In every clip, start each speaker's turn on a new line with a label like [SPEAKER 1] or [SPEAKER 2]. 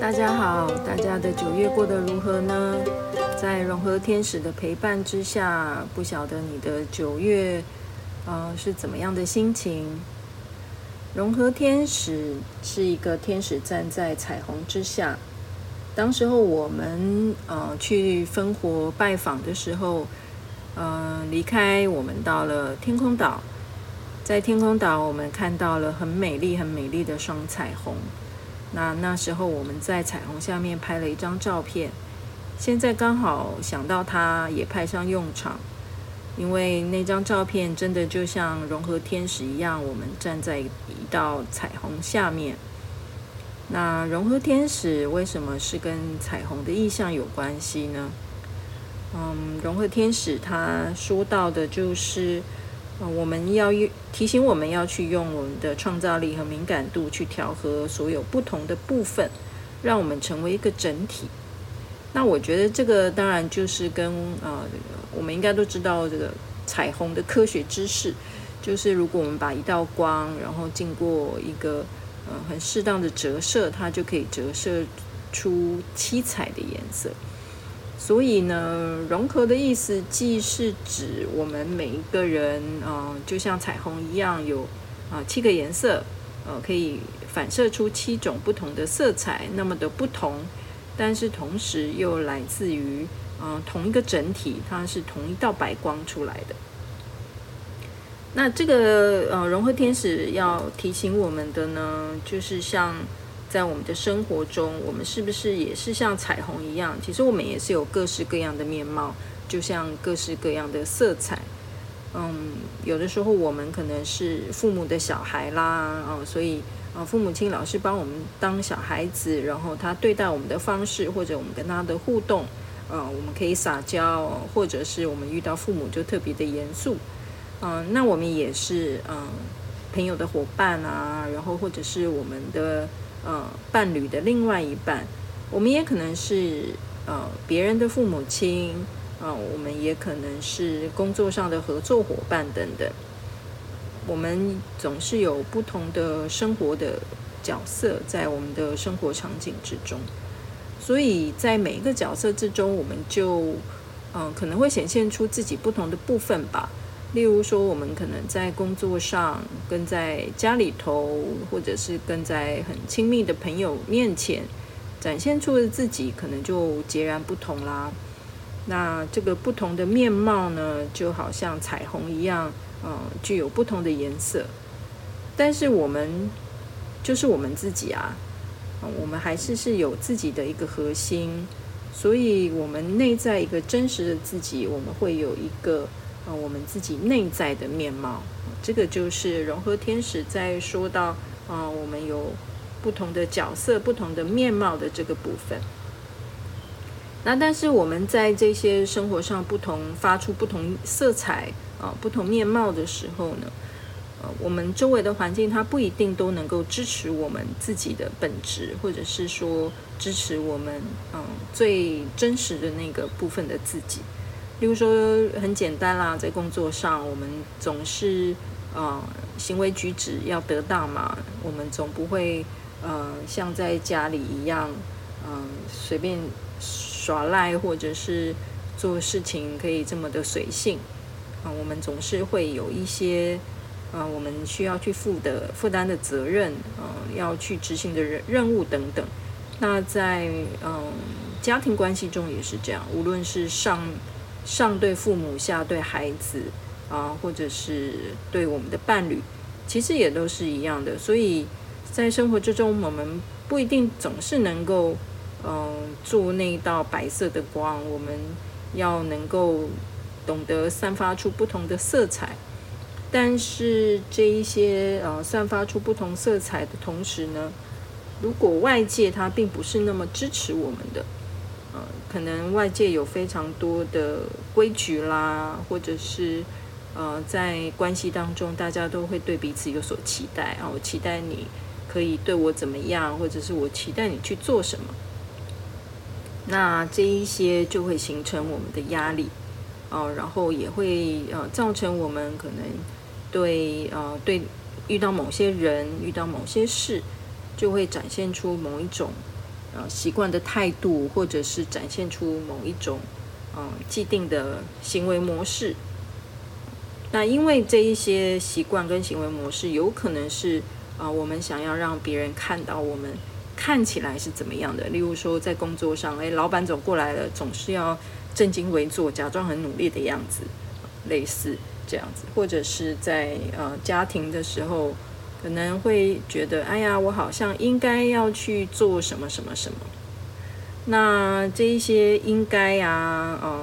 [SPEAKER 1] 大家好，大家的九月過得如何呢？在融合天使的陪伴之下，不曉得你的九月嗯、呃、是怎麼樣的心情？融合天使是一個天使站在彩虹之下。當時候我們嗯、呃、去芬活拜訪的時候，嗯、呃，離開我們到了天空島，在天空島我們看到了很美麗、很美麗的雙彩虹。那那時候我們在彩虹下面拍了一張照片，現在剛好想到它也派上用場，因為那張照片真的就像融合天使一樣，我們站在一道彩虹下面。那融合天使為什麼是跟彩虹的意象有關係呢？嗯，融合天使他說到的就是。呃，我們要用提醒我們要去用我們的創造力和敏感度去調和所有不同的部分，讓我們成為一個整體。那我覺得這個當然就是跟啊，呃這個，我們應該都知道這個彩虹的科學知識，就是如果我們把一道光，然後經過一個呃很適當的折射，它就可以折射出七彩的顏色。所以呢，融合的意思，既是指我們每一個人，呃，就像彩虹一樣有，有、呃、啊七個顏色，呃，可以反射出七種不同的色彩，那麼的不同，但是同時又來自於，嗯、呃，同一個整體，它是同一道白光出來的。那這個呃，融合天使要提醒我們的呢，就是像。在我們的生活中，我們是不是也是像彩虹一樣？其實我們也是有各式各樣的面貌，就像各式各樣的色彩。嗯，有的時候我們可能是父母的小孩啦，哦、嗯，所以啊、嗯，父母親老是把我們當小孩子，然後他對待我們的方式，或者我們跟他的互動，嗯，我們可以撒嬌，或者是我們遇到父母就特別的嚴肅。嗯，那我們也是嗯，朋友的伙伴啊，然後或者是我們的。呃，伴侶的另外一半，我們也可能是呃別人的父母親，啊、呃、我們也可能是工作上的合作夥伴等等。我們總是有不同的生活的角色在我們的生活場景之中，所以在每一個角色之中，我們就嗯、呃、可能會顯現出自己不同的部分吧。例如說，我們可能在工作上，跟在家裡頭，或者是跟在很親密的朋友面前，展現出的自己，可能就截然不同啦。那這個不同的面貌呢，就好像彩虹一樣，嗯，具有不同的顏色。但是我們就是我們自己啊，嗯，我們還是是有自己的一個核心，所以我們內在一個真實的自己，我們會有一個。我們自己內在的面貌，這個就是融合天使在說到啊、呃，我們有不同的角色、不同的面貌的這個部分。那但是我們在這些生活上不同發出不同色彩啊、呃、不同面貌的時候呢，呃，我們周圍的環境它不一定都能夠支持我們自己的本質，或者是說支持我們嗯、呃、最真實的那個部分的自己。比如說很簡單啦、啊，在工作上我們總是呃行為舉止要得當嘛，我們總不會呃像在家裡一樣嗯、呃、隨便耍賴或者是做事情可以這麼的隨性啊、呃，我們總是會有一些呃我們需要去負的負擔的責任，呃要去執行的任任務等等。那在嗯、呃、家庭關係中也是這樣，無論是上上對父母，下對孩子，啊，或者是對我們的伴侶，其實也都是一樣的。所以在生活之中，我們不一定總是能夠，嗯，做那一道白色的光。我們要能夠懂得散發出不同的色彩。但是這一些，呃、啊，散發出不同色彩的同時呢，如果外界它並不是那麼支持我們的。呃，可能外界有非常多的規矩啦，或者是呃，在關係當中，大家都會對彼此有所期待，啊，我期待你可以對我怎麼樣，或者是我期待你去做什麼。那這一些就會形成我們的壓力，哦、啊，然後也會呃、啊，造成我們可能對呃、啊、對遇到某些人、遇到某些事，就會展現出某一種。呃、啊，習慣的態度，或者是展現出某一種，呃、啊，既定的行為模式。那因為這一些習慣跟行為模式，有可能是啊，我們想要讓別人看到我們看起來是怎麼樣的。例如說，在工作上，誒、哎，老闆走過來了，總是要正襟危坐，假裝很努力的樣子、啊，類似這樣子。或者是在呃、啊，家庭的時候。可能會覺得，哎呀，我好像應該要去做什麼什麼什麼。那這一些應該呀、啊，嗯，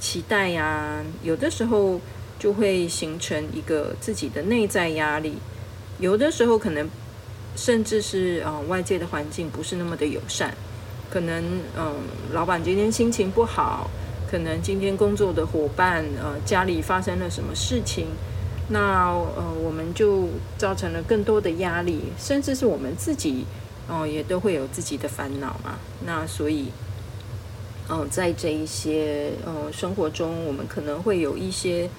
[SPEAKER 1] 期待呀、啊，有的時候就會形成一個自己的內在壓力。有的時候可能甚至是嗯，外界的環境不是那麼的友善。可能嗯，老闆今天心情不好，可能今天工作的夥伴呃、嗯，家裡發生了什麼事情。那呃，我們就造成了更多的壓力，甚至是我們自己，嗯、呃，也都會有自己的煩惱嘛。那所以，嗯、呃，在這一些呃生活中，我們可能會有一些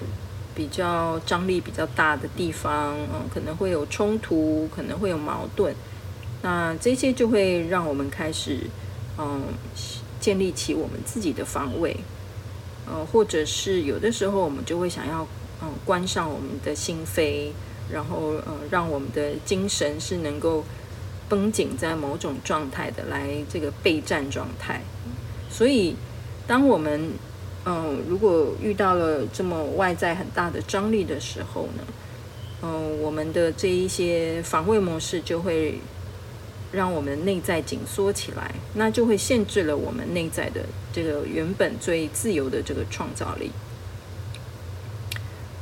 [SPEAKER 1] 比較張力比較大的地方，嗯、呃，可能會有衝突，可能會有矛盾。那這些就會讓我們開始，嗯、呃，建立起我們自己的防衛，呃，或者是有的時候我們就會想要。嗯，關上我們的心扉，然後呃、嗯，讓我們的精神是能夠繃緊在某種狀態的，來這個備戰狀態。所以，當我們嗯，如果遇到了這麼外在很大的張力的時候呢，嗯，我們的這一些防衛模式就會讓我們內在緊縮起來，那就會限制了我們內在的這個原本最自由的這個創造力。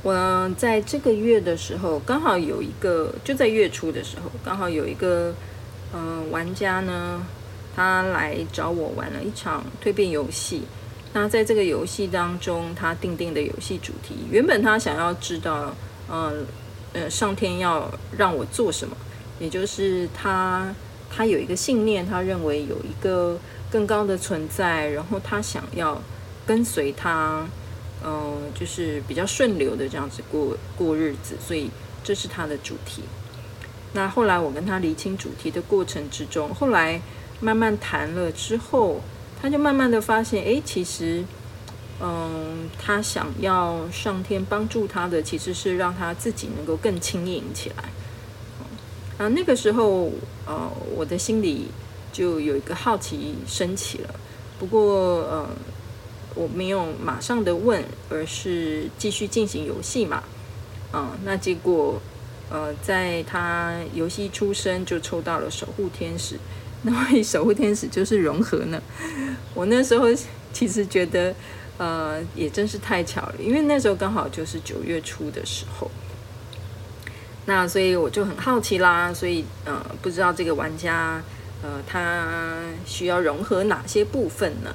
[SPEAKER 1] 我在這個月的時候，剛好有一個，就在月初的時候，剛好有一個，嗯、呃，玩家呢，他來找我玩了一場蛻變遊戲。那在這個遊戲當中，他訂定的遊戲主題，原本他想要知道，嗯、呃、嗯、呃，上天要讓我做什麼，也就是他他有一個信念，他認為有一個更高的存在，然後他想要跟隨他。嗯，就是比較順流的這樣子過過日子，所以這是他的主題。那後來我跟他理清主題的過程之中，後來慢慢談了之後，他就慢慢的發現，哎、欸，其實，嗯，他想要上天幫助他的其實是讓他自己能夠更輕盈起來。啊，那個時候，呃、嗯，我的心裡就有一個好奇升起了。不過，呃、嗯。我沒有馬上的問，而是繼續進行遊戲嘛，嗯，那結果呃，在他遊戲出生就抽到了守護天使，那位守護天使就是融合呢。我那時候其實覺得呃，也真是太巧了，因為那時候剛好就是九月初的時候，那所以我就很好奇啦，所以呃，不知道這個玩家呃，他需要融合哪些部分呢？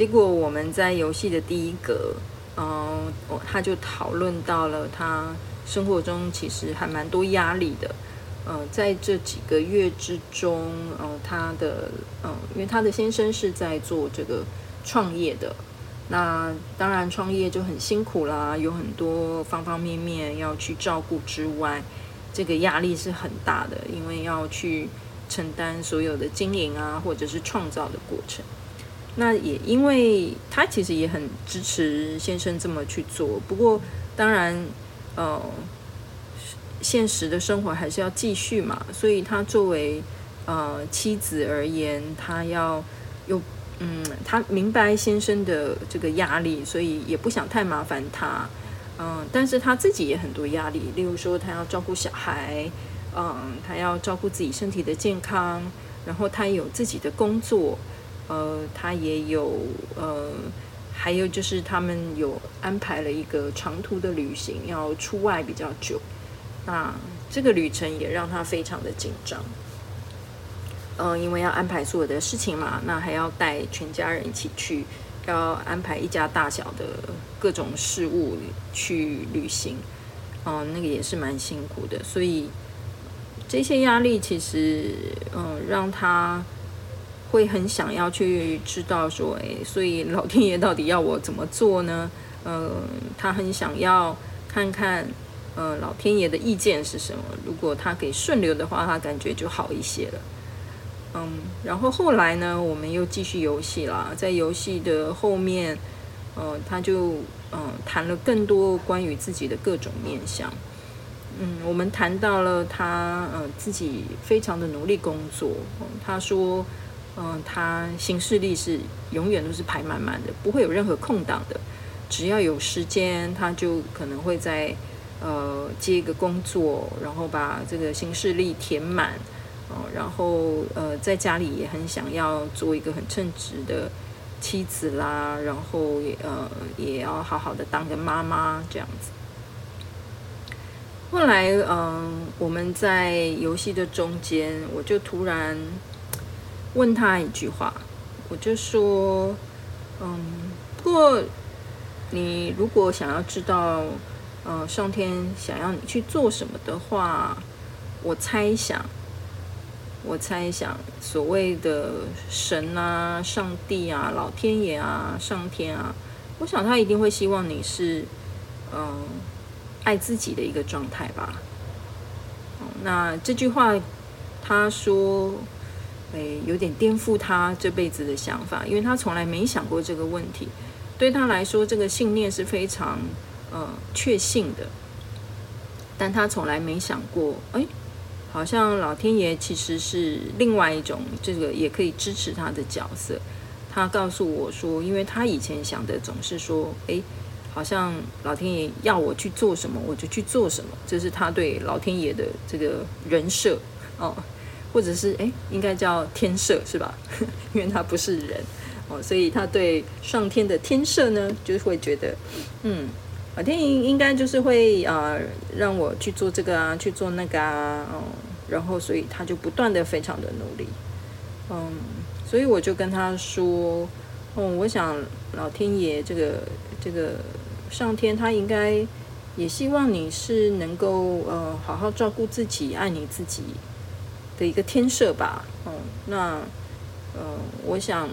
[SPEAKER 1] 結果我們在遊戲的第一格，嗯、哦，他就討論到了他生活中其實還蠻多壓力的，嗯，在這幾個月之中，呃、嗯，他的，嗯，因為他的先生是在做這個創業的，那當然創業就很辛苦啦，有很多方方面面要去照顧之外，這個壓力是很大的，因為要去承擔所有的經營啊，或者是創造的過程。那也，因為他其實也很支持先生這麼去做。不過，當然，呃，現實的生活還是要繼續嘛。所以，他作為呃妻子而言，他要又嗯，他明白先生的這個壓力，所以也不想太麻煩他。嗯、呃，但是他自己也很多壓力，例如說，他要照顧小孩，嗯、呃，他要照顧自己身體的健康，然後他有自己的工作。呃，他也有呃，還有就是他們有安排了一個長途的旅行，要出外比較久。那這個旅程也讓他非常的緊張。嗯、呃，因為要安排所有的事情嘛，那還要帶全家人一起去，要安排一家大小的各種事務去旅行。嗯、呃，那個也是蠻辛苦的，所以這些壓力其實嗯、呃，讓他。會很想要去知道說，誒、哎，所以老天爺到底要我怎麼做呢？嗯，他很想要看看，呃，老天爺的意見是什麼。如果他可以順流的話，他感覺就好一些了。嗯，然後後來呢，我們又繼續遊戲啦，在遊戲的後面，嗯、呃，他就嗯、呃、談了更多關於自己的各種面向。嗯，我們談到了他嗯、呃，自己非常的努力工作，嗯、他說。嗯，他行事曆是永遠都是排滿滿的，不會有任何空檔的。只要有時間，他就可能會在呃接一個工作，然後把這個行事曆填滿、呃、然後呃，在家裡也很想要做一個很稱職的妻子啦，然後也呃也要好好的當個媽媽這樣子。後來嗯、呃，我們在遊戲的中間，我就突然。問他一句話，我就說，嗯，不過你如果想要知道，嗯，上天想要你去做什麼的話，我猜想，我猜想，所謂的神啊、上帝啊、老天爺啊、上天啊，我想他一定會希望你是，嗯，愛自己的一個狀態吧。嗯，那這句話他說。誒，有點顛覆他這輩子的想法，因為他從來沒想過這個問題。對他來說，這個信念是非常呃確信的。但他從來沒想過，哎，好像老天爺其實是另外一種這個也可以支持他的角色。他告訴我說，因為他以前想的總是說，哎，好像老天爺要我去做什麼，我就去做什麼，這，就是他對老天爺的這個人設哦。或者是哎、欸，應該叫天使是吧？ 因為他不是人哦，所以他對上天的天使呢，就會覺得，嗯，老天爺應該就是會啊、呃，讓我去做這個啊，去做那個啊，哦，然後所以他就不斷的非常的努力，嗯，所以我就跟他說，哦、嗯，我想老天爺這個這個上天他應該也希望你是能夠呃，好好照顧自己，愛你自己。的一個天使吧，嗯，那，嗯，我想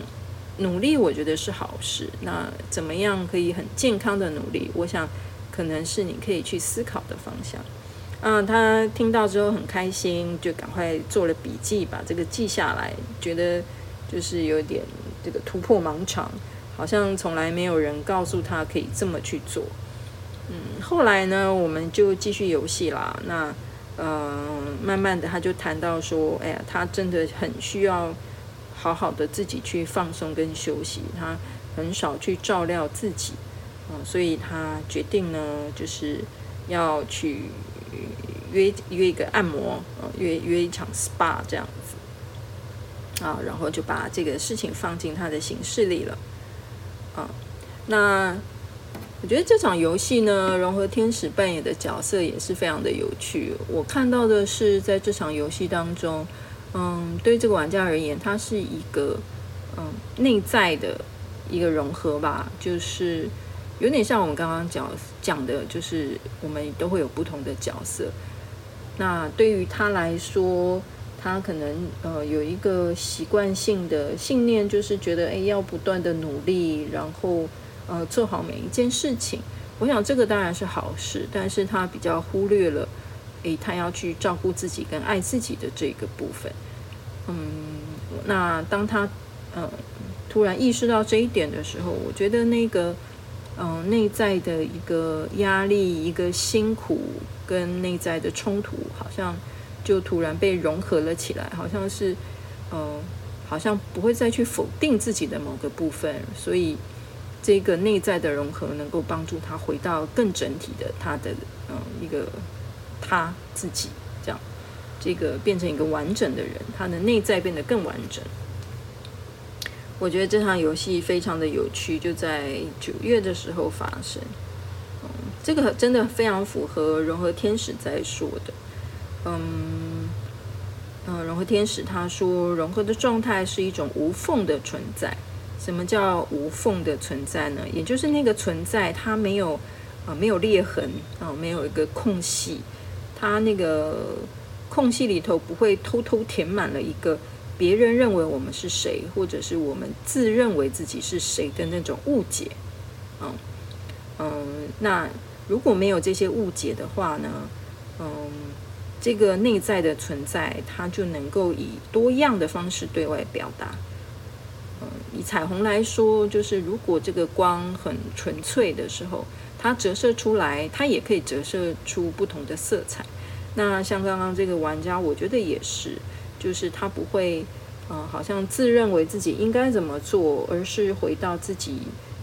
[SPEAKER 1] 努力，我覺得是好事。那怎麼樣可以很健康的努力？我想可能是你可以去思考的方向。啊、嗯，他聽到之後很開心，就趕快做了筆記，把這個記下來，覺得就是有點這個突破盲腸，好像從來沒有人告訴他可以這麼去做。嗯，後來呢，我們就繼續遊戲啦。那。嗯、呃，慢慢的，他就談到說：“哎呀，他真的很需要好好的自己去放鬆跟休息，他很少去照料自己，嗯，所以他決定呢，就是要去約約一個按摩，呃、嗯，約約一場 SPA 這樣子啊、嗯，然後就把這個事情放進他的行事曆裡了啊、嗯，那。”我覺得這場遊戲呢，融合天使扮演的角色也是非常的有趣。我看到的是，在這場遊戲當中，嗯，對這個玩家而言，他是一個嗯內在的一個融合吧，就是有點像我們剛剛講講的，就是我們都會有不同的角色。那對於他來說，他可能呃、嗯、有一個習慣性的信念，就是覺得哎要不斷的努力，然後。呃，做好每一件事情，我想這個當然是好事，但是他比較忽略了，哎、欸，他要去照顧自己跟愛自己的這個部分。嗯，那當他呃突然意識到這一點的時候，我覺得那個嗯、呃、內在的一個壓力、一個辛苦跟內在的衝突，好像就突然被融合了起來，好像是呃好像不會再去否定自己的某個部分，所以。這個內在的融合能夠幫助他回到更整體的他的嗯一個他自己這樣，這個變成一個完整的人，他的內在變得更完整。我覺得這場遊戲非常的有趣，就在九月的時候發生。嗯，這個真的非常符合融合天使在說的，嗯嗯，融合天使他說融合的狀態是一種無縫的存在。什麼叫無縫的存在呢？也就是那個存在，它沒有啊、呃，沒有裂痕啊、呃，沒有一個空隙。它那個空隙裡頭不會偷偷填滿了一個別人認為我們是誰，或者是我們自認為自己是誰的那種誤解。嗯、呃、嗯、呃，那如果沒有這些誤解的話呢，嗯、呃，這個內在的存在，它就能夠以多樣的方式對外表達。以彩虹來說，就是如果這個光很純粹的時候，它折射出來，它也可以折射出不同的色彩。那像剛剛這個玩家，我覺得也是，就是他不會，呃，好像自認為自己應該怎麼做，而是回到自己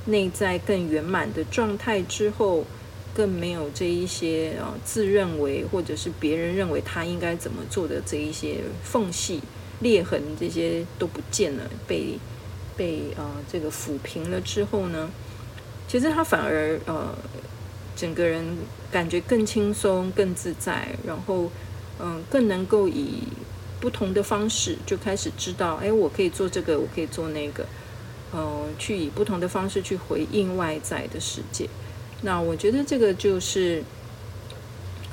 [SPEAKER 1] 內在更圓滿的狀態之後，更沒有這一些呃自認為或者是別人認為他應該怎麼做的這一些縫隙裂痕，這些都不見了，被。被呃這個撫平了之後呢，其實他反而呃整個人感覺更輕鬆、更自在，然後嗯、呃、更能夠以不同的方式就開始知道，誒，我可以做這個，我可以做那個，嗯、呃，去以不同的方式去回應外在的世界。那我覺得這個就是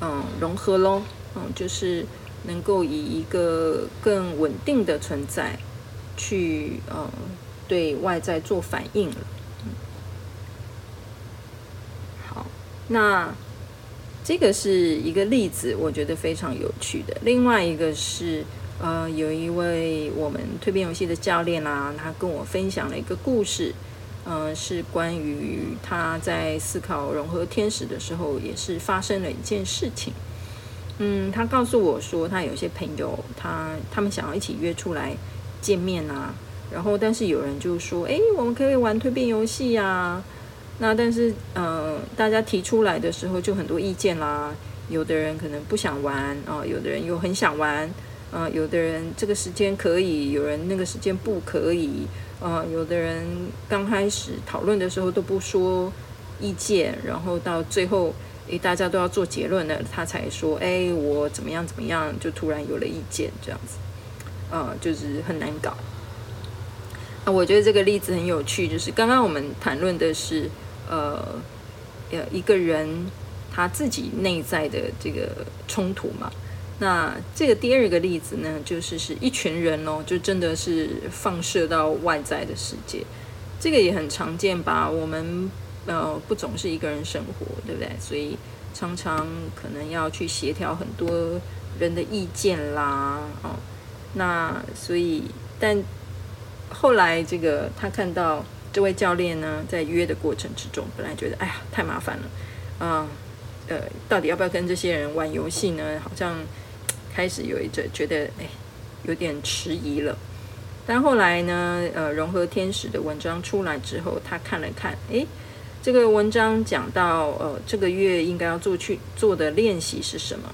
[SPEAKER 1] 嗯、呃、融合嘍，嗯、呃，就是能夠以一個更穩定的存在去嗯。呃對外在做反應了。嗯。好，那這個是一個例子，我覺得非常有趣的。另外一個是，呃，有一位我們蛻變遊戲的教練啊，他跟我分享了一個故事，嗯，呃，是關於他在思考融合天使的時候，也是發生了一件事情。嗯，他告訴我說，他有些朋友，他他們想要一起約出來見面啊。然後，但是有人就說：“哎，我們可以玩蛻變遊戲呀、啊。”那但是，呃，大家提出來的時候就很多意見啦。有的人可能不想玩啊、呃，有的人又很想玩啊、呃。有的人這個時間可以，有人那個時間不可以。呃，有的人剛開始討論的時候都不說意見，然後到最後，哎，大家都要做結論了，他才說：“哎，我怎麼樣怎麼樣，就突然有了意見，這樣子，呃，就是很難搞。”啊，我覺得這個例子很有趣，就是剛剛我們談論的是，呃，有一個人他自己內在的這個衝突嘛。那這個第二個例子呢，就是是一群人哦，就真的是放射到外在的世界，這個也很常見吧。我們呃不總是一個人生活，對不對？所以常常可能要去協調很多人的意見啦，哦，那所以但。後來，這個他看到這位教練呢，在約的過程之中，本來覺得哎呀太麻煩了，啊、嗯，呃，到底要不要跟這些人玩遊戲呢？好像開始有一陣覺得哎有點遲疑了。但後來呢，呃，融合天使的文章出來之後，他看了看，誒，這個文章講到呃這個月應該要做去做的練習是什麼？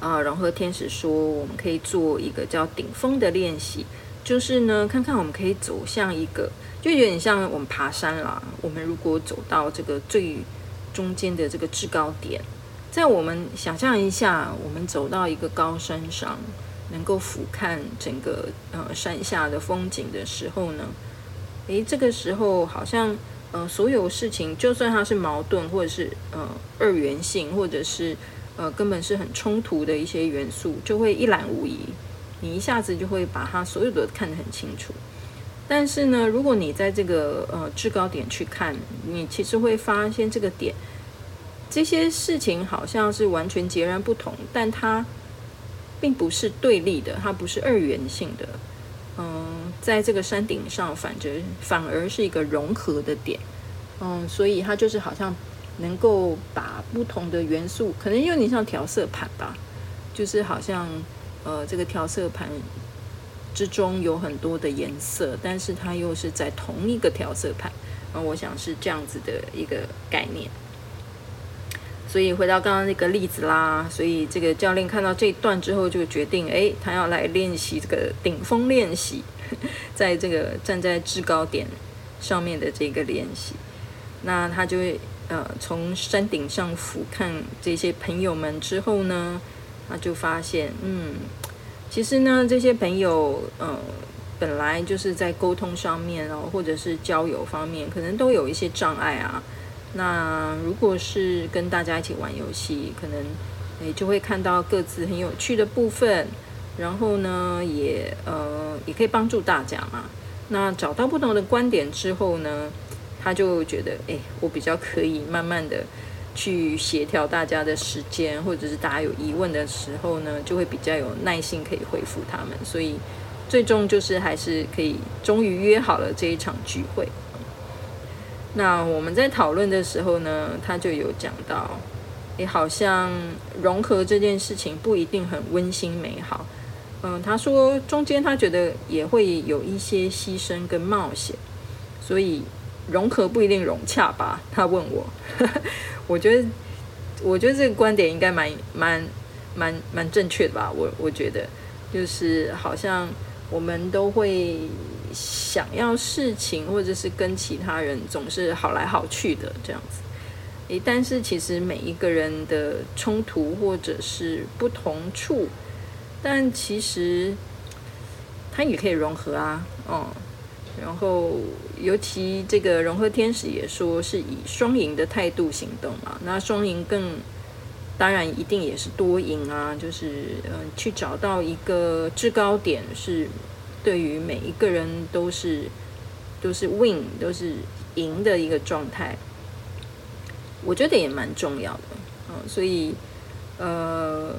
[SPEAKER 1] 啊、呃，融合天使說，我們可以做一個叫頂峰的練習。就是呢，看看我們可以走向一個，就有點像我們爬山啦。我們如果走到這個最中間的這個制高點，在我們想象一下，我們走到一個高山上，能夠俯瞰整個呃山下的風景的時候呢，誒、欸，這個時候好像呃所有事情，就算它是矛盾或者是呃二元性，或者是呃根本是很衝突的一些元素，就會一覽無遺。你一下子就會把它所有的看得很清楚，但是呢，如果你在這個呃制高點去看，你其實會發現這個點，這些事情好像是完全截然不同，但它並不是對立的，它不是二元性的。嗯，在這個山頂上反，反正反而是一個融合的點。嗯，所以它就是好像能夠把不同的元素，可能有點像調色盤吧，就是好像。呃，這個調色盤之中有很多的顏色，但是它又是在同一個調色盤。而、呃、我想是這樣子的一個概念。所以回到剛剛那個例子啦，所以這個教練看到這一段之後，就決定，哎，他要來練習這個頂峰練習，在這個站在制高點上面的這個練習。那他就會呃，從山頂上俯瞰這些朋友們之後呢，他就發現，嗯，其實呢，這些朋友，嗯、呃，本來就是在溝通上面哦，或者是交友方面，可能都有一些障礙啊。那如果是跟大家一起玩遊戲，可能，誒、欸，就會看到各自很有趣的部分，然後呢，也，呃，也可以幫助大家嘛。那找到不同的觀點之後呢，他就覺得，哎、欸，我比較可以慢慢的。去協調大家的時間，或者是大家有疑問的時候呢，就會比較有耐心可以回復他們。所以最終就是還是可以終於約好了這一場聚會。那我們在討論的時候呢，他就有講到，誒，好像融合這件事情不一定很溫馨美好。嗯，他說中間他覺得也會有一些犧牲跟冒險，所以融合不一定融洽吧？他問我。 我覺得，我覺得這個觀點應該蠻蠻蠻蠻，蠻正確的吧。我我覺得，就是好像我們都會想要事情，或者是跟其他人總是好來好去的這樣子。誒，但是其實每一個人的衝突或者是不同處，但其實它也可以融合啊。嗯。然後，尤其這個融合天使也說是以雙贏的態度行動嘛，那雙贏更，當然一定也是多贏啊，就是嗯、呃，去找到一個制高點，是對於每一個人都是都是 win 都是贏的一個狀態，我覺得也蠻重要的嗯、呃，所以呃。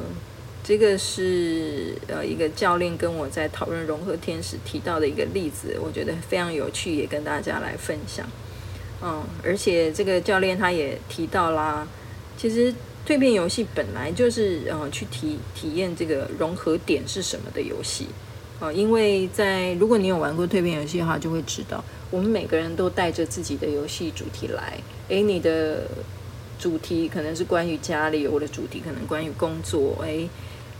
[SPEAKER 1] 這個是呃一個教練跟我在討論融合天使提到的一個例子，我覺得非常有趣，也跟大家來分享。嗯，而且這個教練他也提到啦，其實蛻變遊戲本來就是呃、嗯、去體體驗這個融合點是什麼的遊戲啊、嗯。因為在如果你有玩過蛻變遊戲的話，就會知道我們每個人都帶着自己的遊戲主題來。誒，你的主題可能是關於家裡，我的主題可能關於工作，誒。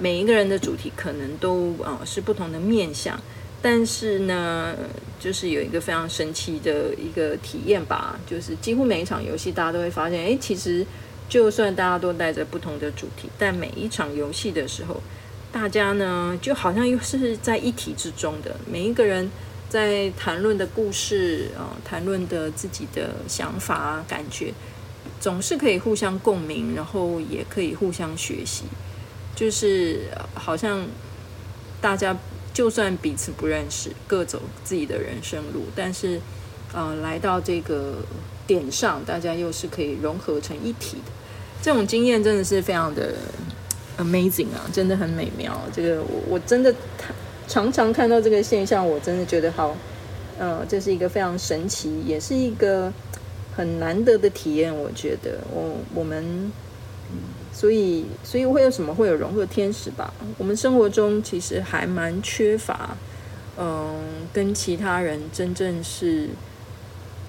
[SPEAKER 1] 每一個人的主題可能都啊、呃、是不同的面向，但是呢，就是有一個非常神奇的一個體驗吧，就是幾乎每一場遊戲，大家都會發現，誒，其實就算大家都帶着不同的主題，但每一場遊戲的時候，大家呢就好像又是在一體之中的。每一個人在談論的故事啊、呃，談論的自己的想法啊、感覺，總是可以互相共鳴，然後也可以互相學習。就是好像大家就算彼此不認識，各走自己的人生路，但是呃，來到這個點上，大家又是可以融合成一體的。這種經驗真的是非常的 amazing 啊，真的很美妙。這個我，我真的常常看到這個現象，我真的覺得好，呃，這是一個非常神奇，也是一個很難得的體驗。我覺得，我我們。所以，所以會有什麼會，有融合天使吧？我們生活中其實還蠻缺乏，嗯，跟其他人真正是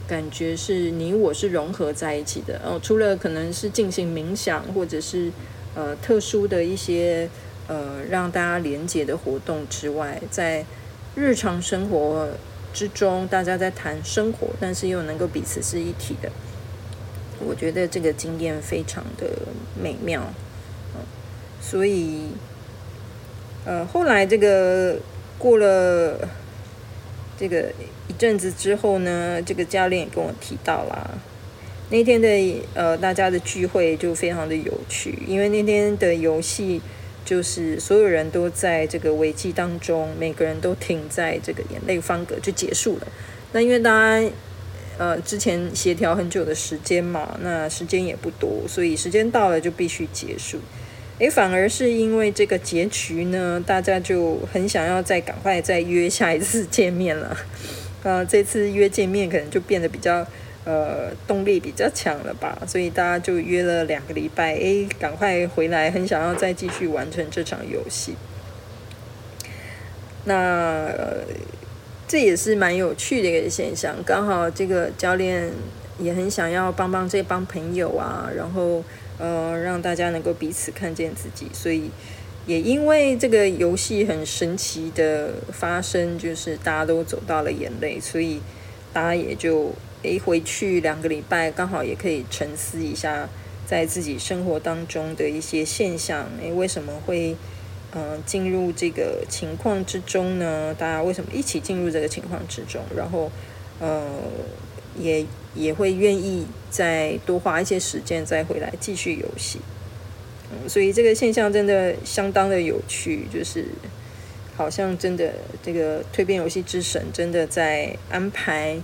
[SPEAKER 1] 感覺是你我是融合在一起的哦。除了可能是進行冥想，或者是呃特殊的一些呃讓大家連結的活動之外，在日常生活之中，大家在談生活，但是又能夠彼此是一體的。我覺得這個經驗非常的美妙，嗯，所以，呃，後來這個過了這個一陣子之後呢，這個教練也跟我提到了那天的呃，大家的聚會就非常的有趣，因為那天的遊戲就是所有人都在這個危機當中，每個人都停在這個眼淚方格就結束了。那因為大家。呃，之前協調很久的時間嘛，那時間也不多，所以時間到了就必須結束。誒，反而是因為這個結局呢，大家就很想要再趕快再約下一次見面了。呃，這次約見面可能就變得比較，呃，動力比較強了吧，所以大家就約了兩個禮拜，誒，趕快回來，很想要再繼續完成這場遊戲。那，呃，這也是蠻有趣的一個現象。剛好這個教練也很想要幫幫這幫朋友啊，然後呃，讓大家能夠彼此看見自己，所以也因為這個遊戲很神奇的發生，就是大家都走到了眼淚，所以大家也就誒回去兩個禮拜，剛好也可以沉思一下在自己生活當中的一些現象，誒，為什麼會？嗯，進入這個情況之中呢，大家為什麼一起進入這個情況之中？然後，呃、嗯，也也會願意再多花一些時間，再回來繼續遊戲。嗯，所以這個現象真的相當的有趣，就是好像真的這個蛻變遊戲之神真的在安排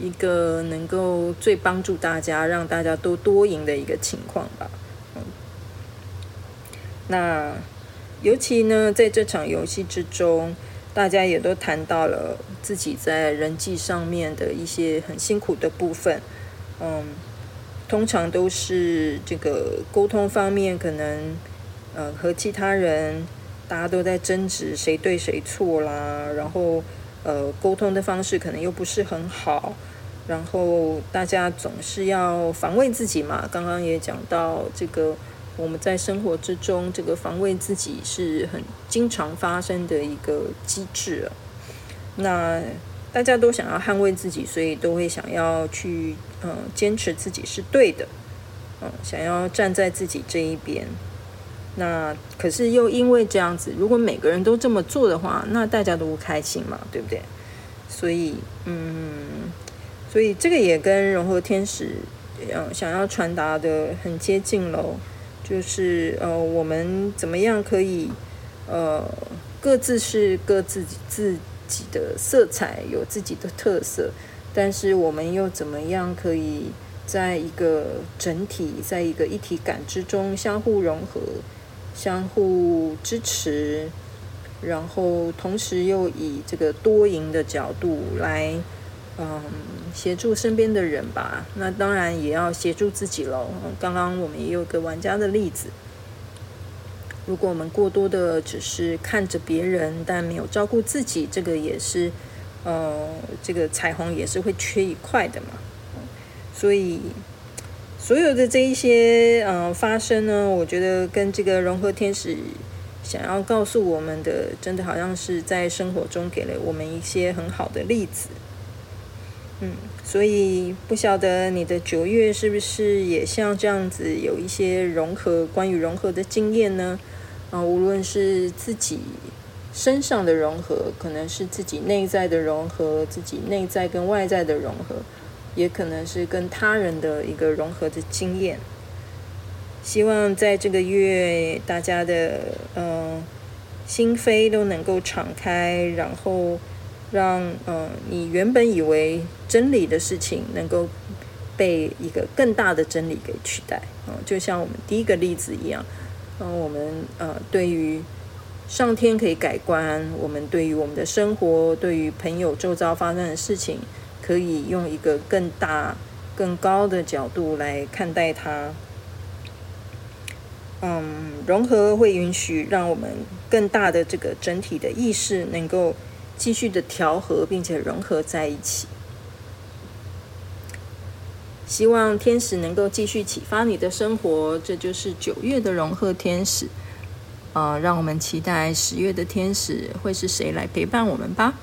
[SPEAKER 1] 一個能夠最幫助大家，讓大家都多贏的一個情況吧。嗯，那。尤其呢，在這場遊戲之中，大家也都談到了自己在人際上面的一些很辛苦的部分。嗯，通常都是這個溝通方面，可能呃和其他人大家都在爭執誰對誰錯啦，然後呃溝通的方式可能又不是很好，然後大家總是要防衛自己嘛。剛剛也講到這個。我們在生活之中，這個防衛自己是很經常發生的一個機制哦。那大家都想要捍衛自己，所以都會想要去嗯堅持自己是對的，嗯，想要站在自己這一邊。那可是又因為這樣子，如果每個人都這麼做的話，那大家都不開心嘛，對不對？所以嗯，所以這個也跟融合天使嗯想要傳達的很接近嘍。就是呃，我們怎麼樣可以呃，各自是各自自己的色彩，有自己的特色，但是我們又怎麼樣可以在一個整體，在一個一體感之中相互融合、相互支持，然後同時又以這個多贏的角度來。嗯，協助身邊的人吧。那當然也要協助自己嘍。嗯，剛剛我們也有個玩家的例子，如果我們過多的只是看着別人，但沒有照顧自己，這個也是，呃，嗯，這個彩虹也是會缺一塊的嘛。所以，所有的這一些呃，嗯，發生呢，我覺得跟這個融合天使想要告訴我們的，真的好像是在生活中給了我們一些很好的例子。嗯，所以不曉得你的九月是不是也像這樣子有一些融合，關於融合的經驗呢？啊，無論是自己身上的融合，可能是自己內在的融合，自己內在跟外在的融合，也可能是跟他人的一個融合的經驗。希望在這個月，大家的嗯，呃，心扉都能夠敞開，然後。讓嗯，你原本以為真理的事情，能夠被一個更大的真理給取代，嗯，就像我們第一個例子一樣，嗯，我們呃、嗯，對於上天可以改觀，我們對於我們的生活，對於朋友周遭發生的事情，可以用一個更大、更高的角度來看待它。嗯，融合會允許讓我們更大的這個整體的意識能夠。繼續的調和，並且融合在一起。希望天使能夠繼續啟發你的生活。這就是九月的融合天使。啊，讓我們期待十月的天使會是誰來陪伴我們吧。